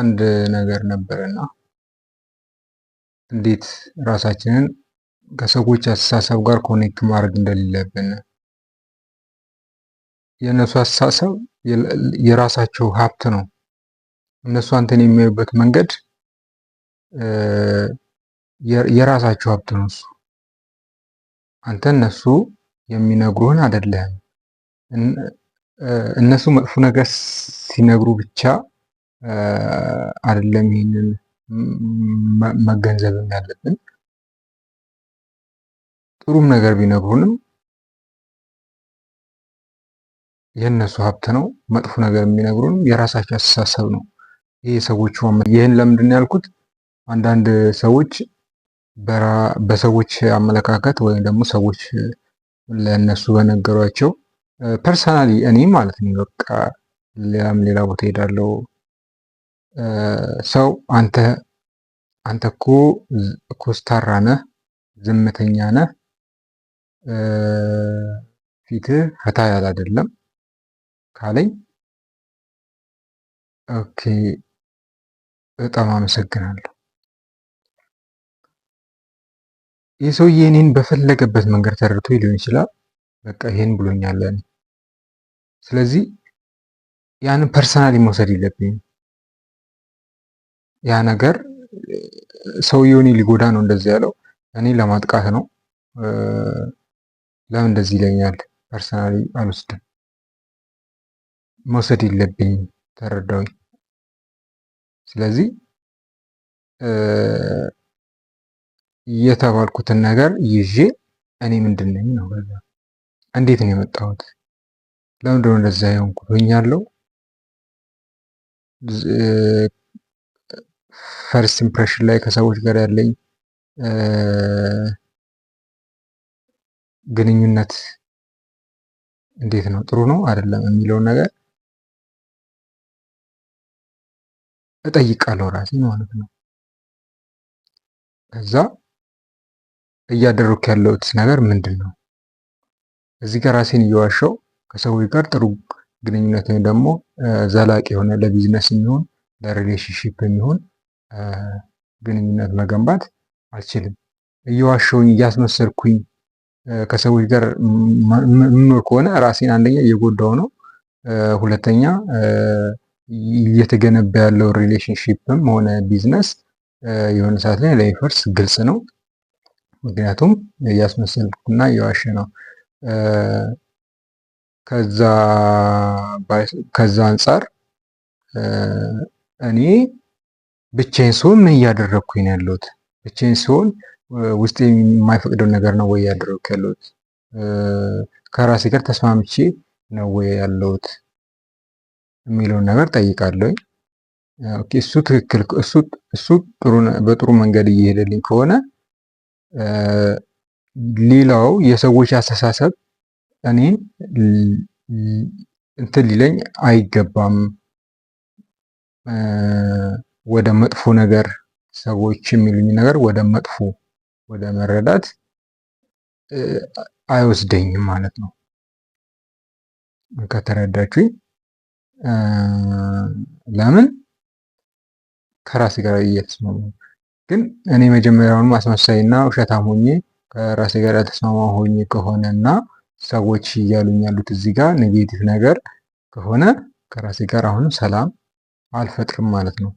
አንድ ነገር ነበረና እንዴት ራሳችንን ከሰዎች አስተሳሰብ ጋር ኮኔክት ማድረግ እንደሌለብን የእነሱ አስተሳሰብ የራሳቸው ሀብት ነው። እነሱ አንተን የሚያዩበት መንገድ የራሳቸው ሀብት ነው። እሱ አንተ እነሱ የሚነግሩህን አይደለህም። እነሱ መጥፎ ነገር ሲነግሩ ብቻ አይደለም ይህንን መገንዘብም ያለብን። ጥሩም ነገር ቢነግሩንም የእነሱ ሀብት ነው። መጥፎ ነገር የሚነግሩንም የራሳቸው አስተሳሰብ ነው። ይህ የሰዎቹ ይህን ለምንድን ያልኩት አንዳንድ ሰዎች በሰዎች አመለካከት ወይም ደግሞ ሰዎች ለእነሱ በነገሯቸው ፐርሰናሊ እኔ ማለት ነው በቃ ሌላም ሌላ ቦታ ሄዳለው ሰው አንተ አንተ እኮ ኮስታራ ነህ፣ ዝምተኛ ነህ፣ ፊትህ ፈታ ያለ አይደለም ካለኝ ኦኬ፣ በጣም አመሰግናለሁ። ይህ ሰውዬ እኔን በፈለገበት መንገድ ተረድቶ ሊሆን ይችላል። በቃ ይሄን ብሎኛል። ስለዚህ ያንን ፐርሰናል መውሰድ የለብኝም። ያ ነገር ሰውየውን ሊጎዳ ነው እንደዚህ ያለው እኔ ለማጥቃት ነው። ለምን እንደዚህ ይለኛል? ፐርሰናሊ አልወስድም፣ መውሰድ የለብኝም ተረዳሁኝ። ስለዚህ የተባልኩትን ነገር ይዤ እኔ ምንድን ነኝ ነው እንዴት ነው የመጣሁት? ለምንድነው እንደዛ የሆንኩት? ሆኛለሁ ፈርስት ኢምፕሬሽን ላይ ከሰዎች ጋር ያለኝ ግንኙነት እንዴት ነው፣ ጥሩ ነው አይደለም የሚለውን ነገር እጠይቃለሁ ራሴ ማለት ነው። ከዛ እያደረኩ ያለሁት ነገር ምንድን ነው? እዚህ ጋር ራሴን እየዋሸው ከሰዎች ጋር ጥሩ ግንኙነት ወይም ደግሞ ዘላቂ የሆነ ለቢዝነስ የሚሆን ለሪሌሽንሽፕ የሚሆን ግንኙነት መገንባት አልችልም። እየዋሸውኝ እያስመሰልኩኝ ከሰዎች ጋር የምኖር ከሆነ ራሴን አንደኛ እየጎዳው ነው፣ ሁለተኛ እየተገነባ ያለው ሪሌሽንሽፕም ሆነ ቢዝነስ የሆነ ሰዓት ላይ ላይፈርስ ግልጽ ነው። ምክንያቱም እያስመሰልኩና እየዋሸ ነው። ከዛ አንጻር እኔ ብቻዬን ስሆን ምን እያደረግኩኝ ነው ያለሁት? ብቻዬን ስሆን ውስጤ የማይፈቅደው ነገር ነው ወይ እያደረግኩ ያለሁት? ከራሴ ጋር ተስማምቼ ነው ወይ ያለሁት የሚለውን ነገር ጠይቃለሁኝ። እሱ ትክክል እሱ በጥሩ መንገድ እየሄደልኝ ከሆነ ሌላው የሰዎች አስተሳሰብ እኔን እንትን ሊለኝ አይገባም። ወደ መጥፎ ነገር ሰዎች የሚሉኝ ነገር ወደ መጥፎ ወደ መረዳት አይወስደኝም ማለት ነው። ከተረዳችሁኝ። ለምን ከራሴ ጋር እየተስማሙ ግን እኔ መጀመሪያውንም አስመሳይና ውሸታም ሆኜ ከራሴ ጋር ያልተስማማ ሆኜ ከሆነ እና ሰዎች እያሉኝ ያሉት እዚህ ጋር ኔጌቲቭ ነገር ከሆነ ከራሴ ጋር አሁንም ሰላም አልፈጥርም ማለት ነው።